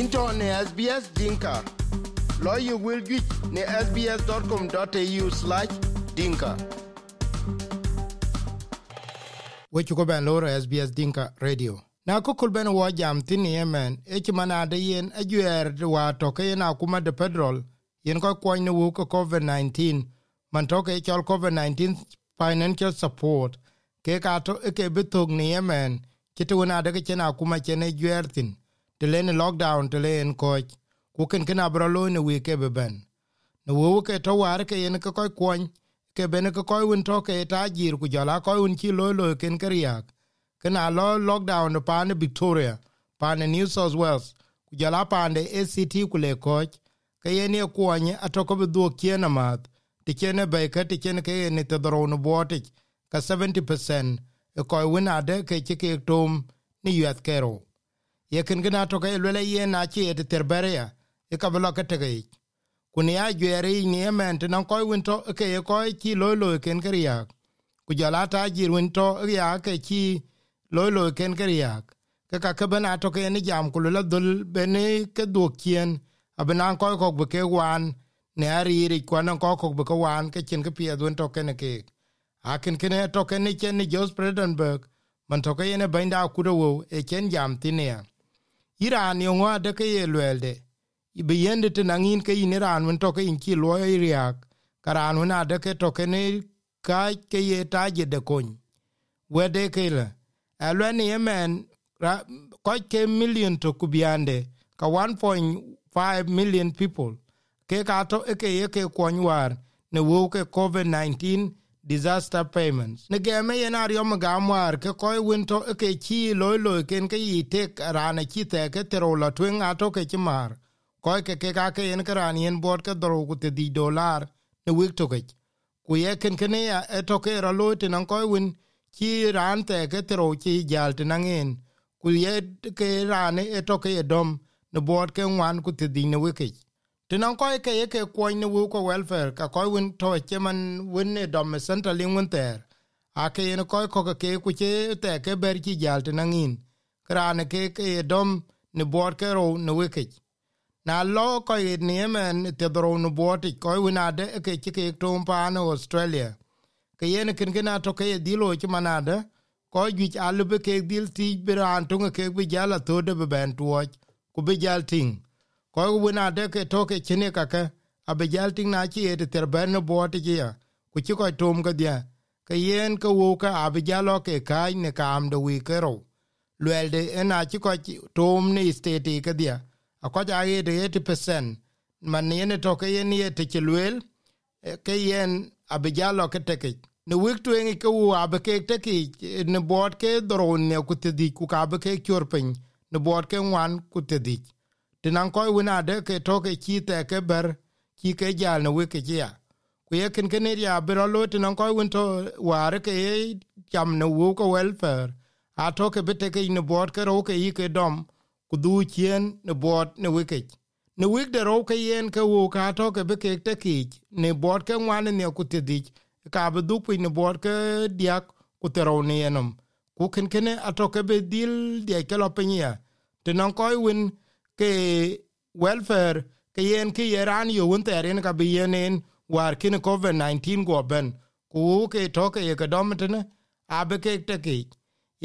into ne SBS Dinka. Lawyer will get ne sbs.com.au slash dinka. Wechuko ben loro SBS Dinka Radio. na ko kul ben wo jam tin yemen e ci mana er de yen a juer wa to ke na kuma de pedrol yen ko ko ni wu covid 19 man to ke chol covid 19 financial support ke ka to e ke bitog ni yemen ki to na de ke na kuma te len lockdown te len koch ku ken kena bro lo ne wi ke beben ne wo ke to war ke yen ko kon ke ben ko ko un to ke ta jir ku jara ko un ki lo lo ken ke riak kena lo lockdown pa ne victoria pa ne new south wales ku jara pa e e e ne act ku le koch ke ye ne ko ne ato ko do ke na ma ti ke ne be ke ti ke ne te dro no bo ti ka 70% ko un ade ke ke tom ni yat kero ye ken gina to ke lele ye na che te terberia e ka blo ke tege kun ya jere ni emen te nan koy win ke ye koy ki lo lo ken kriya ku jala ta jir win ya ke ki lo lo ken kriya ke ka ke bana ni jam ku lo dul bene ke do kien abana koy ko ke wan ne ari ri ko nan ko ko be ko wan ke chen ke pie dun to ne ke akin kene to ni chen ni jos predenberg man to ke ne benda ku do e chen jam tinia iran yo adeke ye lwelde ibe yende te nangin ke in iran men toke in ki lo iriak karan una de ke toke ne ka ke ye ta je de kon we de ke la alwen yemen ko ke million to kubiande ka 1.5 million people ke ka to e ke ye ke kon war ne wo ke covid 19 disaster payments ne game yen ar yom ga mar ke koy win to ke chi loy loy ken ke yi tek rana chi te ke tero la twen a to ke mar koy ke ke ga ke yen kran yen bor ke dro ku te di dollar ne wik to ke ku ye ken ken ya e to ke ra loy te nan koy win chi ran te ke tero chi jal te nan en ku ye ke rane e to ke dom ne bor ke wan ku te di ne wik tinan koy ke ye ke koy ne wu ko welfare ka kɔc win to che man win ne dom center lin win thɛɛr a ke ne koy ke ku che te ke ber ki jal tinan in kran ke ke dɔm ne bor ke ro ne we ke na lo ko ye ne men te dro no bor ti koy ade e ke ke ke to pa no australia ke ye ne kin gina to ke di lo ti manade ko gi alu be ke dil ti biran to e ke bi jala to de ben tuoj ku bi jal ting ko wu na de ke to ke chine ka ka abejal ting na chi et ter ben no bot ya ku chi ko tum ga dia ke yen ke wo ka abejalo ke kai ne kam do wi ke ro lwel de ena chi ko tum ni steti ka dia a ko ja ye de 80% man yene to ke yen ye te ke lwel e ke yen abejalo ke te ke ne wik tu engi ke wu abe ke te ke ne bot ke doron ne ku te di ku ka be ke kyor pin ne bot ke wan ku te di tinan koy wina ade ke to ci chi te ke ke jal no wike ya ku ye kenkene ken ya bero lo tinan koy win to ware ke ye jam no wu ko welfare a to ke bete ke ni ke ro ke yi ke dom ku du chien ne bot ne wike ne wik de ro ke yen ke wu ka to ke be ke ne bot ke wan ne ku te ka be du pi ne bot ke diak ku te ro ne yenom ku ken ken a to ke ke lo pe ya tinan koy win ke welfare ke yen ke yeran yo un teren ka bi yenen war kin covid 19 go ben ku ke to ke ke domtene abe ke te ke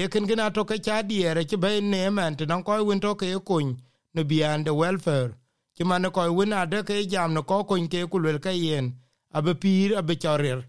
ye kin gina to ke cha diere ke be ne man tan ko un to ke kun ne bian de welfare ki man ko un ade ke jam no ko kun ke ku ke yen abe pir abe chorer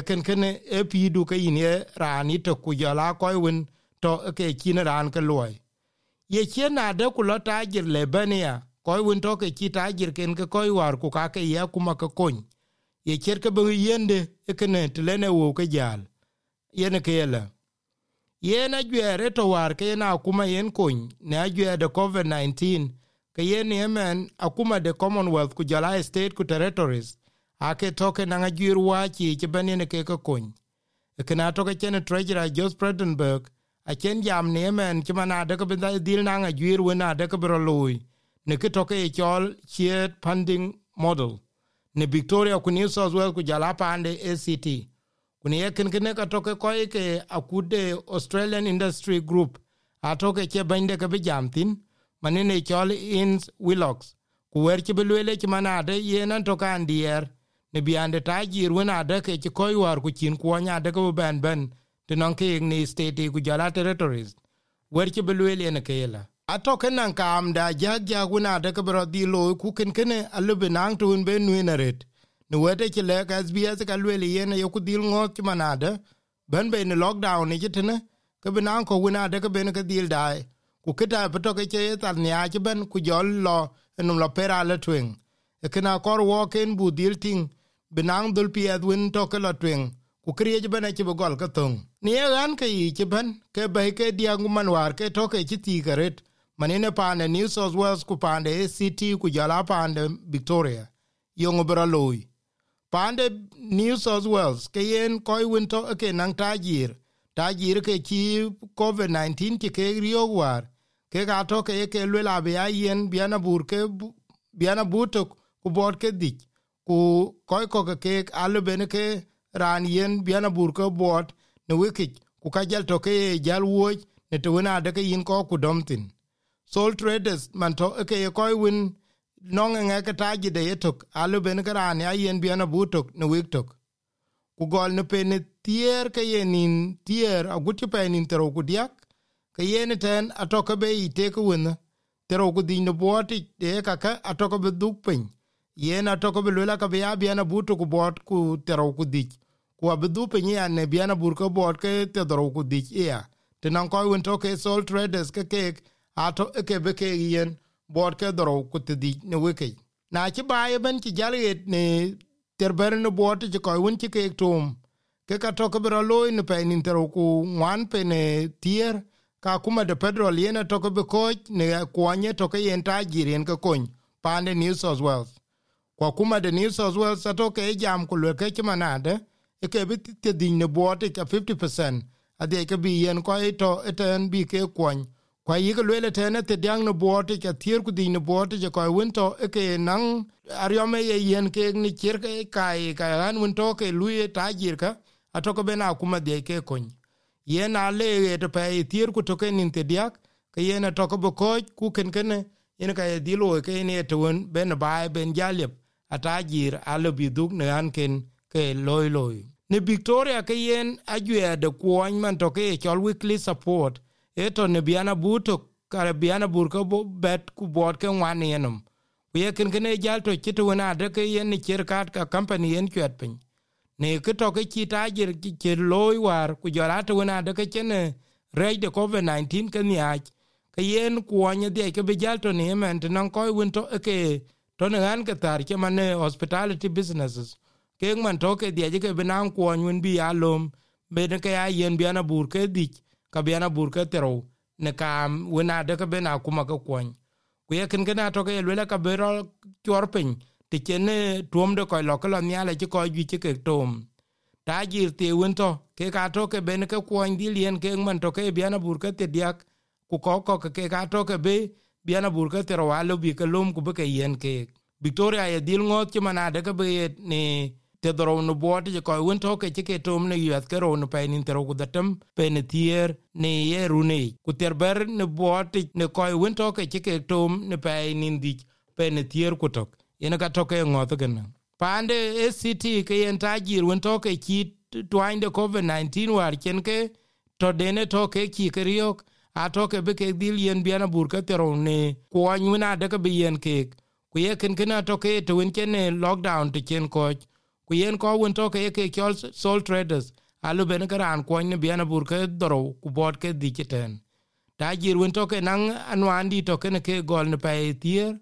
e ken ken e pi du ke yin ye rani to ku yala ko un to ke kin ran ke loy ye chen ade ku lo tajir lebania koy win to ke chi tajir ken ke koy war ku ka ke ya kuma ke kon ye cher ke bu yende ekene tlene wo ke jal yene ke yela yena jwere to war ke na kuma yen kon na jwere de covid 19 ke yen yemen akuma de commonwealth ku jala state ku territories ake toke na ngajir wa chi ke benene ke ke kon ekena toke chen treasurer Josh Predenberg achen jam ne men ci mana de ko bin da dil na nga jwir we na de ko bro loy ne ke to ke e chol chiet funding model ne victoria ku new south wales ku jala pande act ku e ne ken ken ka to ke ko ke akude australian industry group a to ke che bende ke bi jam tin mane ne chol in willox ku wer ci belwele ci mana de yenan to kan dier ne bi ande ta jir we na de ke ko war ku chin ku nya de ko ben ben tinan ke ni state ku jara territories wer ke belwele ne kela ato kenan kam da ja ja guna da ke bro di lo ku ken ken alube nan tun be nu ne ret ne wede ke le ka sbs ka lwele ye ne ku dil ngot ki manade ben be ne lockdown ni jitne ke binan ko guna da ke ben ke dil dai ku kita pato ke che tan ya ke ben ku jol lo num lo pera le twing e kena kor wo ken bu dil ting binang dul pied win to ke lo twing ku kriye ben ke bo gol ka tong ni eran ke yi ke ben ke be ke diangu manwar ke to ke ti garet manene pande New South Wales ku pande ACT ku jala pande Victoria yongo bra loy pande New South Wales ke yen koy winto ke nang tajir tajir ke ki COVID-19 ke ke rio war ke ga to ke ke lwela be yen biana bur biana butok ku bor ke dik ku koy ko ke alu ben ke ran yen biana bur ke bot ne wikic ku ka jal toke ye jal wuoc ne te wen adeke yin ko ku dom thin sol traders man to ke ye koy win nonge nge ke taji de alu ben karane ayen bien abu tok ne wik tok ku gol ne pe ne tier ke ye nin tier aguti pe nin tero ku diak ke ye ne ten be ite ku wen tero ku din boti de ka ka atoke be duk pin ye na be lula ka be abien abu tok bot ku tero ku dik kwa bidu penye ya nebiana burka bot ke te dhoro kudich ya. Tenang koi wento ke sol traders ke kek ato eke beke yen bot ke dhoro kutidich ne wike. Na achi baye ben ki jaliet ne terberi ne bot che koi wento kek tom. Ke katoke bira loi ne pe nintero ku ngwan pe ne tier ka kuma de pedro liena toke be koch ne kwanye toke yen tajiri yen ke kony. Pande New South Wales. Kwa kuma de New South Wales atoke e jam kulweke chima nade. Kwa ke bi te din ne bo te 50% ade ke bi yen ko ito eten bi ke kwon kwa yi ke lele te ne te dang ne bo te ke tier ku din ne bo te ko won to ke nan aryome ye yen ke ni kir ke kai ka an won to ke luye ta jir ka atoko be na kuma de ke kon yen a le te pe tier ku to ke nin te diak ke yen atoko bo ko ku ken ken yen ka ye dilo ke ne to won ben bai ben jalep ata jir alo bi duk ne an ken ke loy loy ne victoria ke yen ajue de kuony man to ke e chol weekly support eto ne biana buto kare biana burko bo bet ku bot ke wan yenum ye ken ken jal to chitu na de ke yen ni cher kat ka company yen kwet pin ne ke to ke chita jir ke loy war ku jara na de ke chen rei de covid 19 ke ni ke yen kuony de ke bi jal to ne men to nan koy win ke to ne an ke tar ke mane hospitality businesses kek man toke dhiɛc ke bi naŋ kuɔny bi ya lom bene ke ya yen bian abur ke dhic ka bian abur ke thirou ne kaam wen adeke ben akuma ke kuɔny ku yekenken atoke ye luele ka bi rɔ cuɔr piny te cen ne tuomde kɔc lɔke lɔ nhiale ci kɔc juic ci kek toom ta jir te wen tɔ ke ka toke bene ke kuɔny dhil yen kek man toke ye bian abur ke thir diak ku kɔk kɔke ke ka toke be bian abur ke thirou a bi ke lom ku bi ke yen kek victoria ye dhil ŋɔɔth ci man adeke bi ne te dhoro no boti je ko won to ke ke to ne yat ke ro no pe ni tero gudatem pe ne tier ne ye rune ku ter ber ne boti ne ko won to ke ke to ne pe ni di pe ne tier ku tok ene ka to ke ngot gena pande act ke yen ta jir won to ke ki de covid 19 war ken ke to dene to ke ki ke riok a to ke be ke dil yen bi na bur ke tero ne ko anyuna de ke bi yen ke ku ye ken ken to ke to won ken lockdown to ken koch ku yen ko won to ke ke kyol sol traders alu ben garan ko ne biana bur ke doro ku bot ke di kiten ta jir won to ke nan anwan di to ke ne ke gol ne pay tier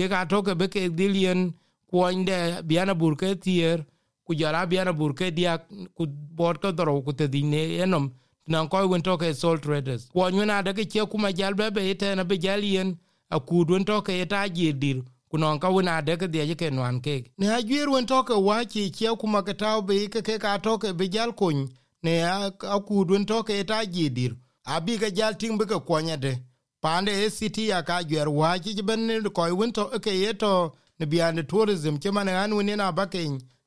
ke ga to ke be ke dilien ko ne biana bur ke tier ku jara biana bur ke dia ku bot ke doro ku te di ne enom nan ko won to ke sol traders ko ne na de ke ku ma jal be be ite na be jalien akud won to ke ta jir dir kunon ka wen adeke dhiɛc ke nuan kek ne ajuier wen tɔke wa ci ciɛu kuma ke tau bi ke kek a tɔke bi jal kony ne akuut wen tɔke e ta ji dir abi ke jal tiŋ bi ke kuɔny ade paande e citi ya ka juɛr wa ci ci ben ne kɔc to ke ye to ne biande tourism ke mane an wen na ba ke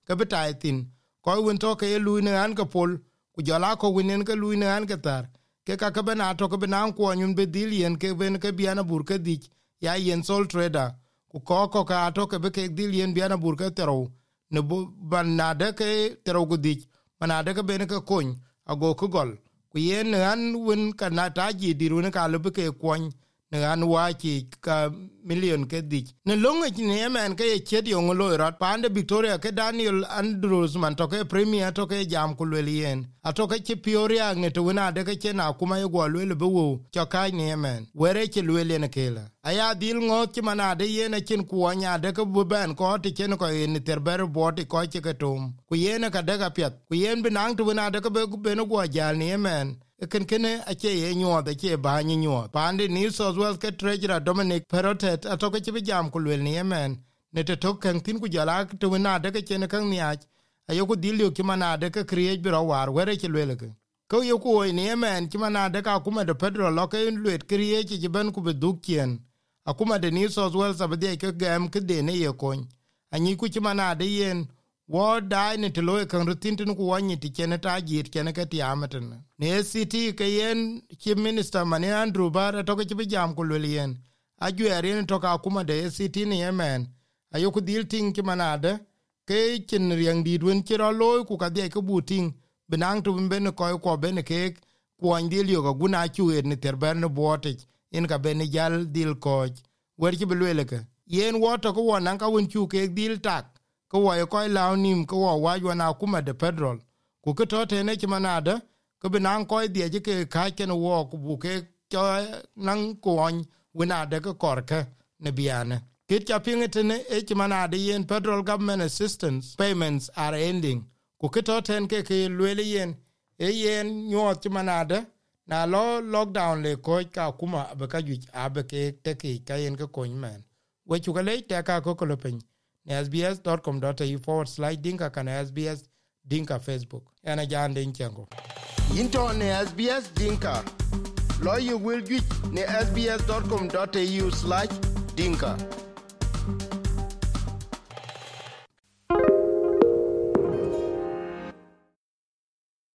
ke bi taai tin kɔc wen to ke lu ne an ke pol ku jɔl ko wen ne ke lu ne an ke thar ke kakeben a ke bi an ko nyun be dhil yen ke ben ke bian bur ke dhic ya yen sol trader ku koko ko ka to ke be dil yen biana bur ke tero ne bu banade ke tero gudi manade ke bene ke kon ago ku gol ku yen an wen kana ta ji diru ne ka lu be ke ne an wa ci ka million ke dich ne longe ni yemen ke chet yo ngolo e rat pande victoria ke daniel andrews man to premier toke jam ku le yen atoke ke pioria ne to na de ke na kuma yo go le bu to ka ni yemen were ke le le ne kela aya dil ngo ti mana de ye e ku nya ko ti ken ko ni terber bo ti ko ti ke tum ku ye ne ka de ga ku yen binang tu na de ke be ku be ni yemen ken kene ache ye nyuo da che ba ni nyuo pande ni so well ke treasurer dominic perotet atoke che jam ku le ni yemen ne te tok ken tin ku jara to na de ke ne kan ni ach ayo ku dilio ki mana de ke kriye biro war were che ke ko yo ku ni yemen ki mana de ka kuma de pedro lo ke in le kriye che ben ku be duk ken akuma de ni so well sa be ke gam ke ne ye kon anyi ku ki mana yen wo dai ne te loe kan rutin tin ku wani ti chene ta jir chene ke tiameten ne city ke yen chief minister mani andrew bar to ke bi jam ku yen a jwere ne to ka kuma de city ne yemen ayo ku dil tin ki manade ke chin riang di dun ti ro loe ku ka de ku butin binang tu bimbe ne ko ko be ne ke ku an dil yo ga guna chu er ne ter ber ne in ka be ne jal dil ko wer ki bi lele ke yen wo to ko wonan ka won chu ke dil tak ko wa ko la nim ko wa wa yo na kuma de petrol ku ke to te ne ki manade ko bi nan ko de ji ke ka ke no wo ku bu ke to nan ko on we na de ko kor ke ne biane kit cha pinge te ne e ki manade yen petrol government assistance payments are ending ku ke to ten ke ke le yen e yen nyo ti manade na lo lockdown le ko ka kuma be ka ju abe ke te ke ka yen ke ko men we chu ka le te ka ko ko lo piny ni sbs.com.au forward slash dinka kana sbs dinka facebook ena jande nchengo into ne sbs dinka lawyer will get ne sbs.com.au slash dinka